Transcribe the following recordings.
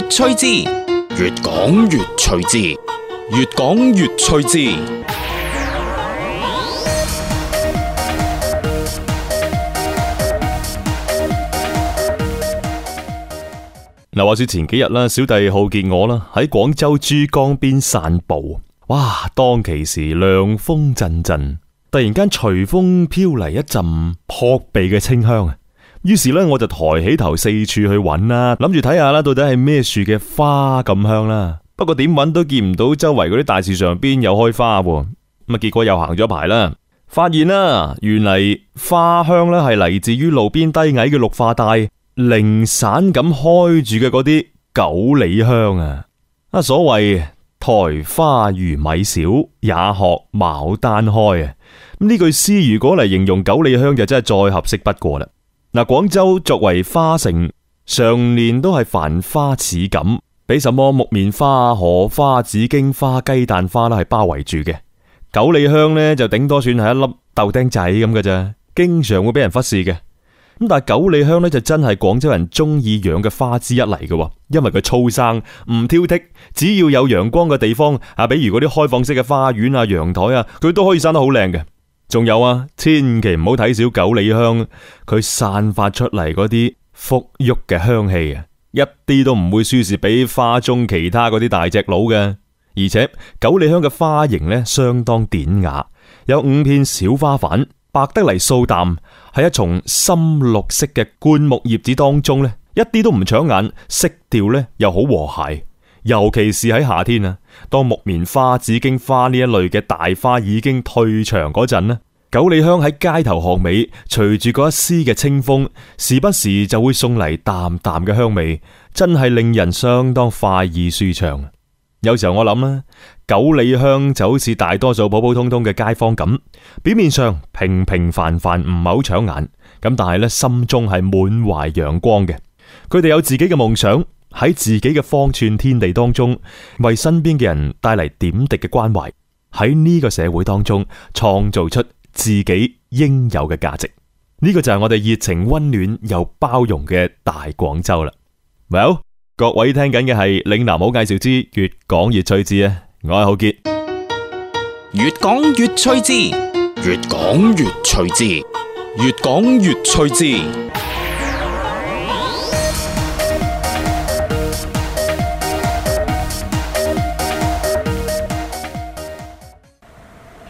越趣越講越趣字，越講越趣字。越說越之話說前幾日啦，小弟浩杰我啦喺廣州珠江邊散步，哇！當其時涼風陣陣，突然間隨風飄嚟一陣撲鼻嘅清香。於是咧，我就抬起頭四處去揾啦，諗住睇下啦，到底係咩樹嘅花咁香啦。不過點揾都見唔到周圍嗰啲大樹上邊有開花。咁啊，結果又行咗一排啦，發現啦，原嚟花香咧係嚟自於路邊低矮嘅綠化帶零散咁開住嘅嗰啲九里香啊。啊，所謂苔花如米小，也學牡丹開啊。呢句詩如果嚟形容九里香，就真係再合適不過啦。嗱，廣州作為花城，常年都係繁花似錦，俾什麼木棉花、荷花、紫荊花、雞蛋花都，係包圍住嘅。九里香咧，就頂多算係一粒豆丁仔咁嘅啫，經常會俾人忽視嘅。咁但係九里香咧，就真係廣州人中意養嘅花之一嚟嘅，因為佢粗生，唔挑剔，只要有陽光嘅地方，啊，比如嗰啲開放式嘅花園啊、陽台啊，佢都可以生得好靚嘅。仲有啊，千祈唔好睇小九里香，佢散發出嚟嗰啲馥郁嘅香氣啊，一啲都唔會輸蝕畀花中其他嗰啲大隻佬嘅。而且九里香嘅花型呢，相當典雅，有五片小花瓣，白得嚟素淡，喺一叢深綠色嘅灌木葉子當中呢，一啲都唔搶眼，色調呢又好和諧。尤其是喺夏天啊，當木棉花、紫荊花呢一類嘅大花已經退場嗰陣呢，九里香喺街頭巷尾，隨住嗰一絲嘅清風，時不時就會送嚟淡淡嘅香味，真係令人相當快意舒暢。有時候我諗啦，九里香就好似大多數普普通通嘅街坊咁，表面上平平凡凡，唔係好搶眼，咁但係咧，心中係滿懷陽光嘅，佢哋有自己嘅夢想。喺自己嘅方寸天地當中，為身邊嘅人帶嚟點滴嘅關懷；喺呢個社會當中，創造出自己應有嘅價值。呢、這個就係我哋熱情、溫暖又包容嘅大廣州啦。Well，各位聽緊嘅係嶺南好介紹之越講越趣智啊！我係浩傑，越講越趣智，越講越趣智，越講越趣智。越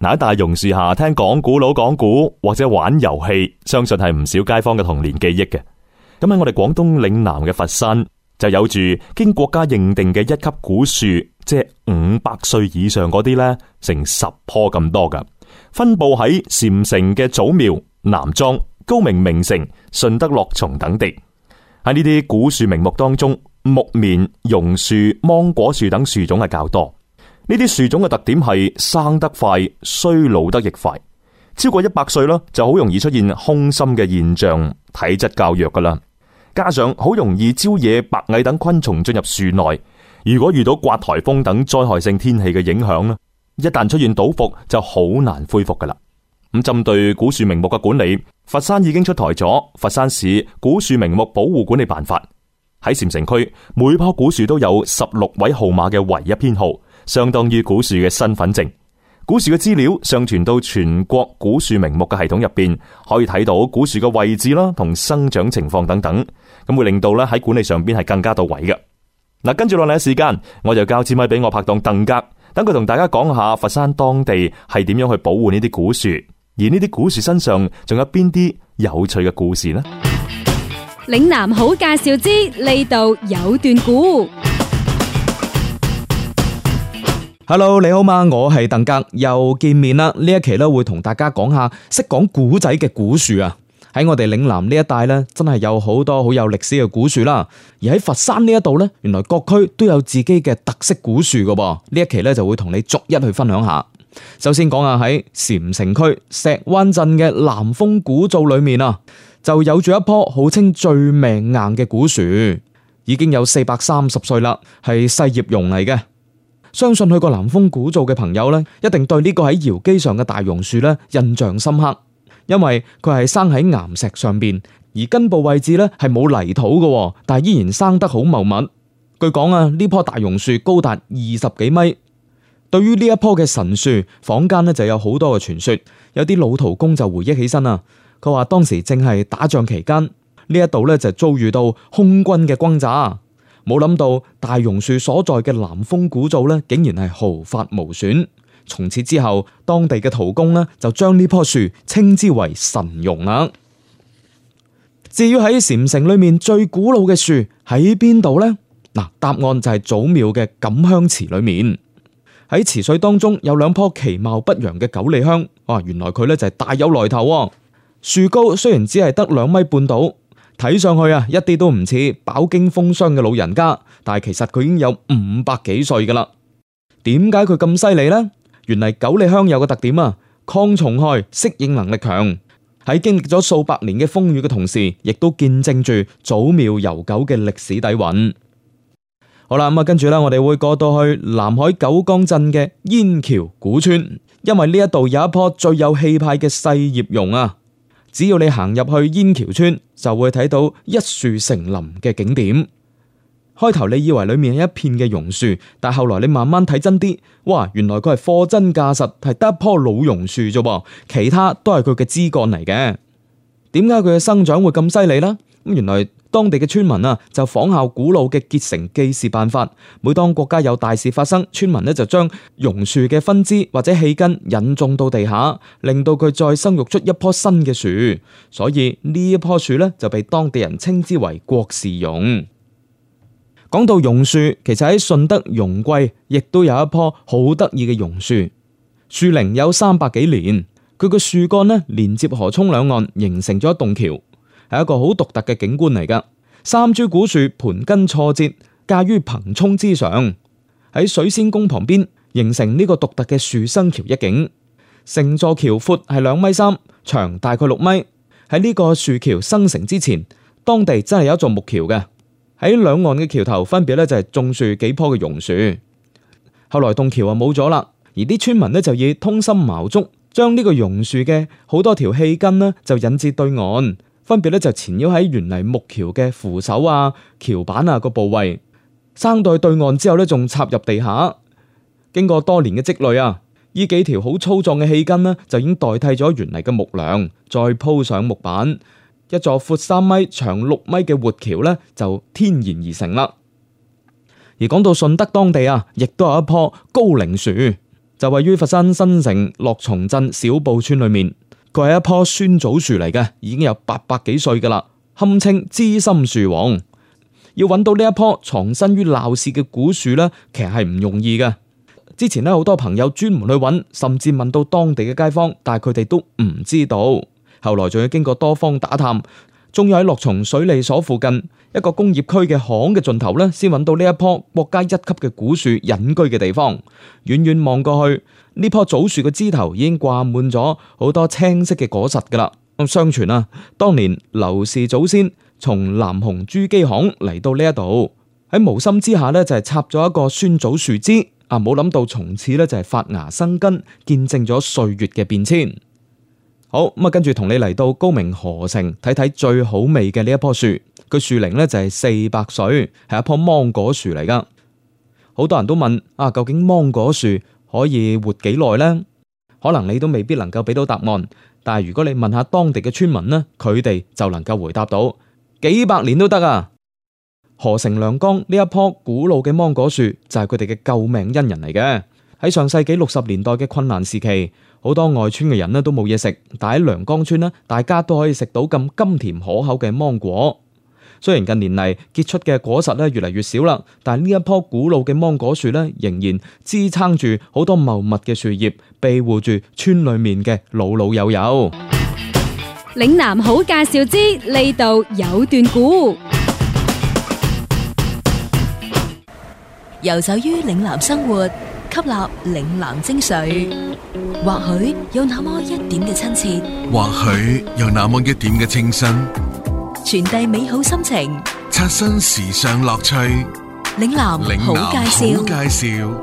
嗱，大榕樹下聽講古佬講古或者玩遊戲，相信係唔少街坊嘅童年記憶嘅。咁喺我哋廣東嶺南嘅佛山，就有住經國家認定嘅一級古樹，即係五百歲以上嗰啲咧，成十棵咁多噶，分布喺禪城嘅祖廟、南莊、高明明城、順德樂從等地。喺呢啲古樹名木當中，木棉、榕樹、芒果樹等樹種係較多。呢啲樹種嘅特點係生得快，衰老得亦快。超過一百歲啦，就好容易出現空心嘅現象，體質較弱噶啦。加上好容易招惹白蟻等昆蟲進入樹內。如果遇到刮颱風等災害性天氣嘅影響啦，一旦出現倒伏，就好難恢復噶啦。咁針對古樹名木嘅管理，佛山已經出台咗《佛山市古樹名木保護管理辦法》。喺禪城區，每棵古樹都有十六位號碼嘅唯一編號。相當於古樹嘅身份證，古樹嘅資料上傳到全國古樹名木嘅系統入邊，可以睇到古樹嘅位置啦，同生長情況等等，咁會令到咧喺管理上邊係更加到位嘅。嗱、啊，跟住落嚟嘅時間，我就交支咪俾我拍檔鄧格，等佢同大家講下佛山當地係點樣去保護呢啲古樹，而呢啲古樹身上仲有邊啲有趣嘅故事呢？嶺南好介紹之，呢度有段古。hello，你好嘛？我係鄧格，又見面啦。呢一期咧，會同大家講下識講古仔嘅古樹啊。喺我哋嶺南呢一帶咧，真係有好多好有歷史嘅古樹啦。而喺佛山呢一度咧，原來各區都有自己嘅特色古樹噶噃。呢一期咧就會同你逐一去分享下。首先講下喺禪城區石灣鎮嘅南風古灶裏面啊，就有住一棵號稱最命硬嘅古樹，已經有四百三十歲啦，係細葉榕嚟嘅。相信去過南風古灶嘅朋友咧，一定對呢個喺窑基上嘅大榕樹咧印象深刻，因為佢係生喺岩石上邊，而根部位置咧係冇泥土嘅，但係依然生得好茂密。據講啊，呢棵大榕樹高達二十幾米。對於呢一棵嘅神樹，坊間咧就有好多嘅傳說。有啲老陶工就回憶起身啊，佢話當時正係打仗期間，呢一度咧就遭遇到空軍嘅轟炸。冇諗到大榕樹所在嘅南風古灶咧，竟然係毫髮無損。從此之後，當地嘅陶工咧就將呢棵樹稱之為神榕啦。至於喺禪城裏面最古老嘅樹喺邊度呢？嗱，答案就係祖廟嘅錦香池裏面。喺池水當中有兩棵其貌不揚嘅九里香。啊，原來佢咧就係大有來頭哦。樹高雖然只係得兩米半到。睇上去啊，一啲都唔似飽經風霜嘅老人家，但係其實佢已經有五百幾歲噶啦。點解佢咁犀利呢？原嚟九里香有個特點啊，抗蟲害、適應能力強，喺經歷咗數百年嘅風雨嘅同時，亦都見證住祖廟悠久嘅歷史底蘊。好啦，咁啊，跟住啦，我哋會過到去南海九江鎮嘅煙橋古村，因為呢一度有一棵最有氣派嘅細葉榕啊。只要你行入去煙橋村，就會睇到一樹成林嘅景點。開頭你以為裏面有一片嘅榕樹，但後來你慢慢睇真啲，哇，原來佢係貨真價實，係得棵老榕樹啫噃，其他都係佢嘅枝幹嚟嘅。點解佢嘅生長會咁犀利呢？咁原來。當地嘅村民啊，就仿效古老嘅結繩記事辦法，每當國家有大事發生，村民呢就將榕樹嘅分支或者氣根引種到地下，令到佢再生育出一棵新嘅樹，所以呢一棵樹呢就被當地人稱之為國事榕。講到榕樹，其實喺順德容桂亦都有一棵好得意嘅榕樹，樹齡有三百幾年，佢嘅樹幹呢連接河涌兩岸，形成咗一棟橋。係一個好獨特嘅景觀嚟噶，三株古樹盤根錯節，架於蓬沖之上，喺水仙宮旁邊形成呢個獨特嘅樹生橋一景。成座橋闊係兩米三，長大概六米。喺呢個樹橋生成之前，當地真係有一座木橋嘅。喺兩岸嘅橋頭分別咧就係種樹幾棵嘅榕樹。後來棟橋啊冇咗啦，而啲村民呢，就以通心茅竹將呢個榕樹嘅好多條氣根呢，就引至對岸。分別咧，就纏繞喺原嚟木橋嘅扶手啊、橋板啊、個部位，生到對，對岸之後呢，仲插入地下。經過多年嘅積累啊，呢幾條好粗壯嘅氣根呢、啊，就已經代替咗原嚟嘅木樑，再鋪上木板，一座闊三米、長六米嘅活橋呢，就天然而成啦。而講到順德當地啊，亦都有一棵高齡樹，就位於佛山新城樂從鎮小布村裏面。佢係一棵酸棗樹嚟嘅，已經有八百幾歲噶啦，堪稱資深樹王。要揾到呢一棵藏身於鬧市嘅古樹呢，其實係唔容易嘅。之前呢，好多朋友專門去揾，甚至問到當地嘅街坊，但係佢哋都唔知道。後來仲要經過多方打探，終於喺樂從水利所附近，一個工業區嘅巷嘅盡頭呢，先揾到呢一棵國家一級嘅古樹隱居嘅地方。遠遠望過去，呢棵棗樹嘅枝頭已經掛滿咗好多青色嘅果實噶啦。咁相傳啊，當年劉氏祖先從南雄珠璣巷嚟到呢一度，喺無心之下呢，就係插咗一個酸棗樹枝，啊冇諗到從此呢，就係發芽生根，見證咗歲月嘅變遷。好，咁啊，跟住同你嚟到高明河城睇睇最好味嘅呢一棵樹，個樹齡呢就係四百歲，係一棵芒果樹嚟噶。好多人都問啊，究竟芒果樹可以活幾耐呢？可能你都未必能夠俾到答案，但係如果你問下當地嘅村民呢，佢哋就能夠回答到幾百年都得啊。河城良江呢一棵古老嘅芒果樹就係佢哋嘅救命恩人嚟嘅。喺上世紀六十年代嘅困難時期，好多外村嘅人呢都冇嘢食，但喺良江村呢，大家都可以食到咁甘甜可口嘅芒果。雖然近年嚟結出嘅果實呢越嚟越少啦，但係呢一棵古老嘅芒果樹呢仍然支撐住好多茂密嘅樹葉，庇護住村裏面嘅老老友友。嶺南好介紹之，呢度有段古，遊走於嶺南生活。吸納嶺南精髓，或許有那麼一點嘅親切，或許有那麼一點嘅清新，傳遞美好心情，刷新時尚樂趣。嶺南好介紹。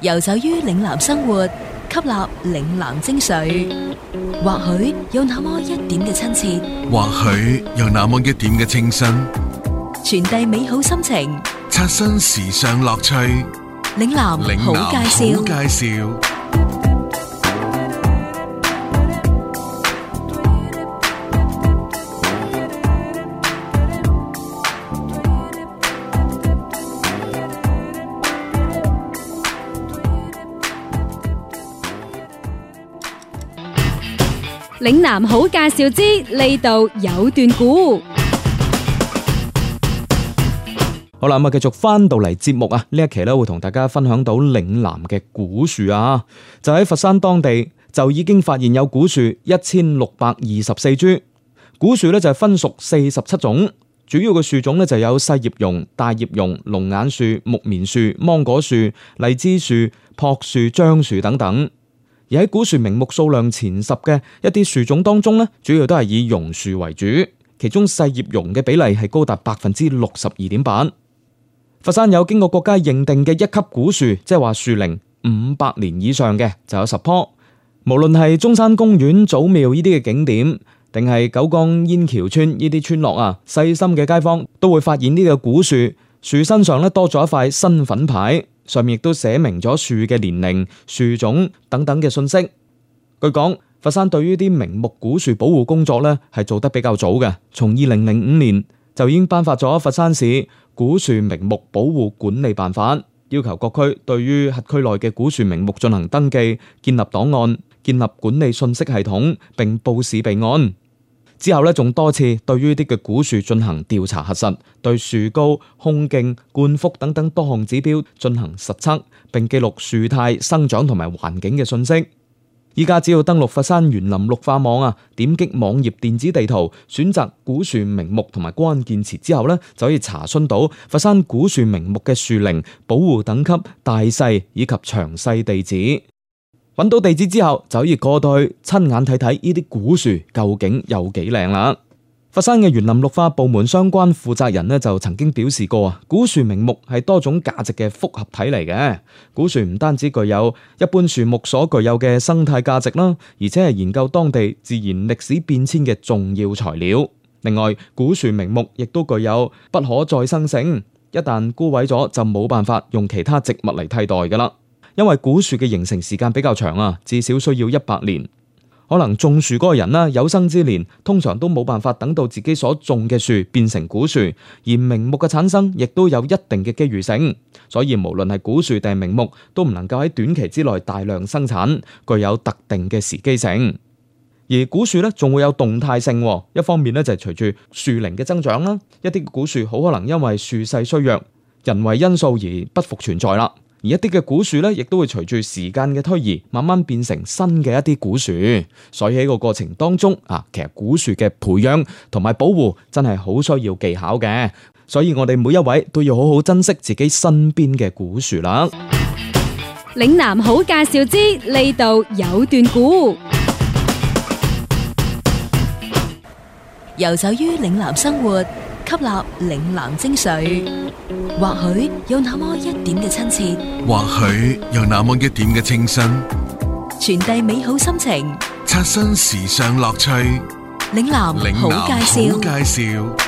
遊走於嶺南生活，吸納嶺南精髓，或許有那麼一點嘅親切，或許有那麼一點嘅清新，傳遞美好心情，刷新時尚樂趣。嶺南好介紹。嶺南好介紹之，呢度有段古。好啦，咁啊，繼續翻到嚟節目啊，呢一期咧會同大家分享到嶺南嘅古樹啊，就喺佛山當地就已經發現有古樹一千六百二十四株，古樹咧就係分屬四十七種，主要嘅樹種咧就有細葉榕、大葉榕、龍眼樹、木棉樹、芒果樹、荔枝樹、朴樹、樟樹等等。而喺古樹名木數量前十嘅一啲樹種當中呢，主要都係以榕樹為主，其中細葉榕嘅比例係高達百分之六十二點八。佛山有經過國家認定嘅一級古樹，即係話樹齡五百年以上嘅就有十棵。無論係中山公園、祖廟呢啲嘅景點，定係九江煙橋村呢啲村落啊，細心嘅街坊都會發現呢個古樹，樹身上咧多咗一塊新粉牌。上面亦都寫明咗樹嘅年齡、樹種等等嘅信息。據講，佛山對於啲名木古樹保護工作呢係做得比較早嘅，從二零零五年就已經頒發咗佛山市古樹名木保護管理辦法，要求各區對於轄區內嘅古樹名木進行登記、建立檔案、建立管理信息系統，並報市備案。之後咧，仲多次對於啲嘅古樹進行調查核實，對樹高、胸徑、冠幅等等多項指標進行實測，並記錄樹態、生長同埋環境嘅信息。依家只要登錄佛山園林綠化網啊，點擊網頁電子地圖，選擇古樹名木同埋關鍵詞之後呢，就可以查詢到佛山古樹名木嘅樹齡、保護等級、大細以及詳細地址。揾到地址之後，就可以過去親眼睇睇呢啲古樹究竟有幾靚啦！佛山嘅園林綠化部門相關負責人呢就曾經表示過啊，古樹名木係多種價值嘅複合體嚟嘅。古樹唔單止具有一般樹木所具有嘅生態價值啦，而且係研究當地自然歷史變遷嘅重要材料。另外，古樹名木亦都具有不可再生性，一旦枯萎咗就冇辦法用其他植物嚟替代噶啦。因為古樹嘅形成時間比較長啊，至少需要一百年，可能種樹嗰個人啦，有生之年通常都冇辦法等到自己所種嘅樹變成古樹，而名木嘅產生亦都有一定嘅機遇性，所以無論係古樹定係名木，都唔能夠喺短期之內大量生產，具有特定嘅時機性。而古樹呢仲會有動態性，一方面呢就係隨住樹齡嘅增長啦，一啲古樹好可能因為樹勢衰弱、人為因素而不復存在啦。而一啲嘅古樹咧，亦都會隨住時間嘅推移，慢慢變成新嘅一啲古樹。所以喺個過程當中啊，其實古樹嘅培養同埋保護真係好需要技巧嘅。所以我哋每一位都要好好珍惜自己身邊嘅古樹啦。嶺南好介紹之，呢度有段古，遊走於嶺南生活。吸納嶺南精髓，或許有那麼一點嘅親切，或許有那麼一點嘅清新，傳遞美好心情，刷新時尚樂趣。嶺南好介紹，好介紹。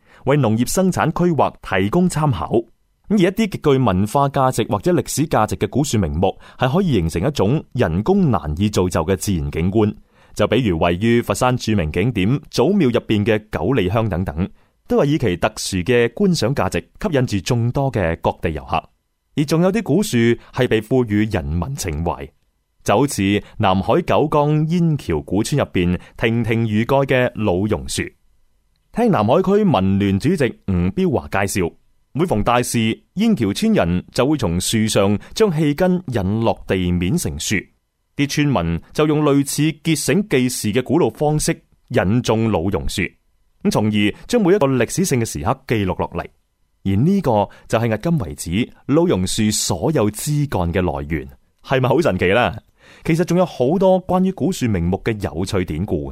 為農業生產規劃提供參考。咁而一啲極具文化價值或者歷史價值嘅古樹名木，係可以形成一種人工難以造就嘅自然景觀。就比如位於佛山著名景點祖廟入邊嘅九里香等等，都係以其特殊嘅觀賞價值吸引住眾多嘅各地遊客。而仲有啲古樹係被賦予人文情懷，就好似南海九江煙橋古村入邊亭亭如蓋嘅老榕樹。聽南海區文聯主席吳彪華介紹，每逢大事，煙橋村人就會從樹上將氣根引落地面成樹，啲村民就用類似結繩記事嘅古老方式引種老榕樹，咁從而將每一個歷史性嘅時刻記錄落嚟。而呢個就係迄今為止老榕樹所有枝幹嘅來源，係咪好神奇呢？其實仲有好多關於古樹名木嘅有趣典故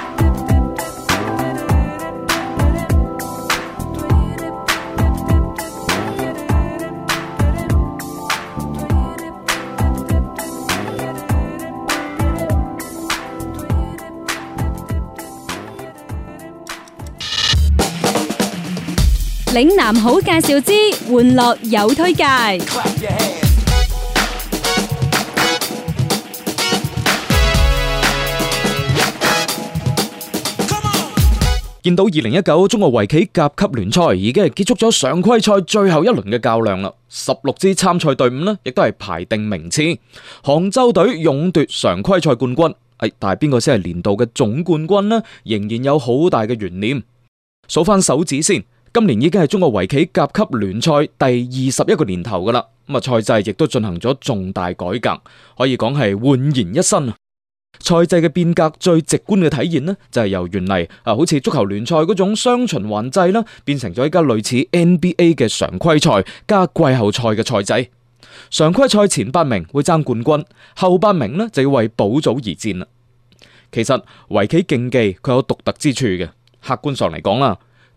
嶺南好介紹之，玩樂有推介。 見到二零一九中國圍棋甲級聯賽已經係結束咗常規賽最後一輪嘅較量啦，十六支參賽隊伍呢，亦都係排定名次。杭州隊勇奪常規賽冠軍，係、哎、但係邊個先係年度嘅總冠軍呢？仍然有好大嘅懸念。數翻手指先。今年已經係中國圍棋甲級聯賽第二十一個年頭噶啦，咁啊賽制亦都進行咗重大改革，可以講係煥然一新啊！賽制嘅變革最直觀嘅體現呢，就係由原嚟啊好似足球聯賽嗰種雙循環制啦，變成咗依家類似 NBA 嘅常規賽加季後賽嘅賽制。常規賽前八名會爭冠軍，後八名呢就要為保組而戰啦。其實圍棋競技佢有獨特之處嘅，客觀上嚟講啦。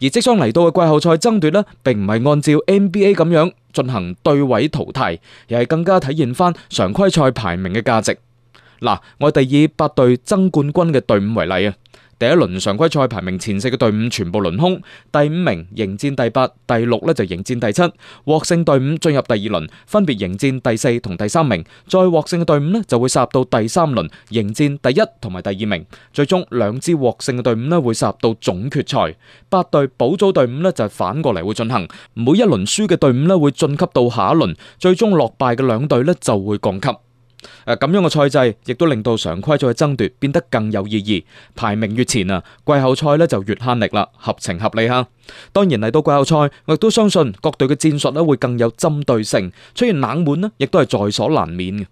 而即將嚟到嘅季後賽爭奪呢，並唔係按照 NBA 咁樣進行對位淘汰，而係更加體現翻常規賽排名嘅價值。嗱，我哋以八隊爭冠軍嘅隊伍為例啊。第一輪常規賽排名前四嘅隊伍全部輪空，第五名迎戰第八，第六咧就迎戰第七，獲勝隊伍進入第二輪，分別迎戰第四同第三名。再獲勝嘅隊伍呢就會殺到第三輪，迎戰第一同埋第二名。最終兩支獲勝嘅隊伍呢會殺到總決賽。八隊補組隊伍呢就反過嚟會進行，每一輪輸嘅隊伍呢會晉級到下一輪，最終落敗嘅兩隊呢就會降級。誒，咁樣嘅賽制亦都令到常規賽嘅爭奪變得更有意義，排名越前啊，季後賽咧就越慳力啦，合情合理哈。當然嚟到季後賽，我亦都相信各隊嘅戰術咧會更有針對性，出現冷門咧亦都係在所難免嘅。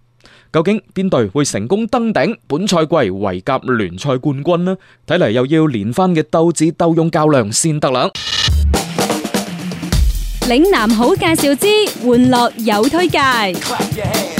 究竟邊隊會成功登頂本賽季圍甲聯賽冠軍呢？睇嚟又要連番嘅鬥智鬥勇較量先得啦。嶺南好介紹之，玩樂有推介。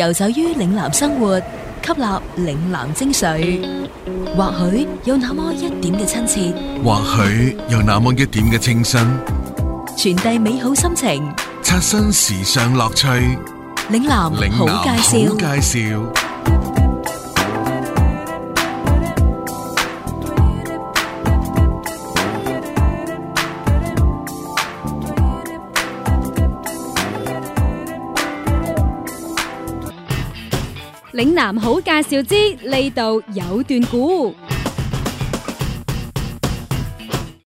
游走於嶺南生活，吸納嶺南精髓，或許有那麼一點嘅親切，或許有那麼一點嘅清新，傳遞美好心情，刷新時尚樂趣。嶺南好介紹，好介紹。嶺南好介紹之，呢度有段古。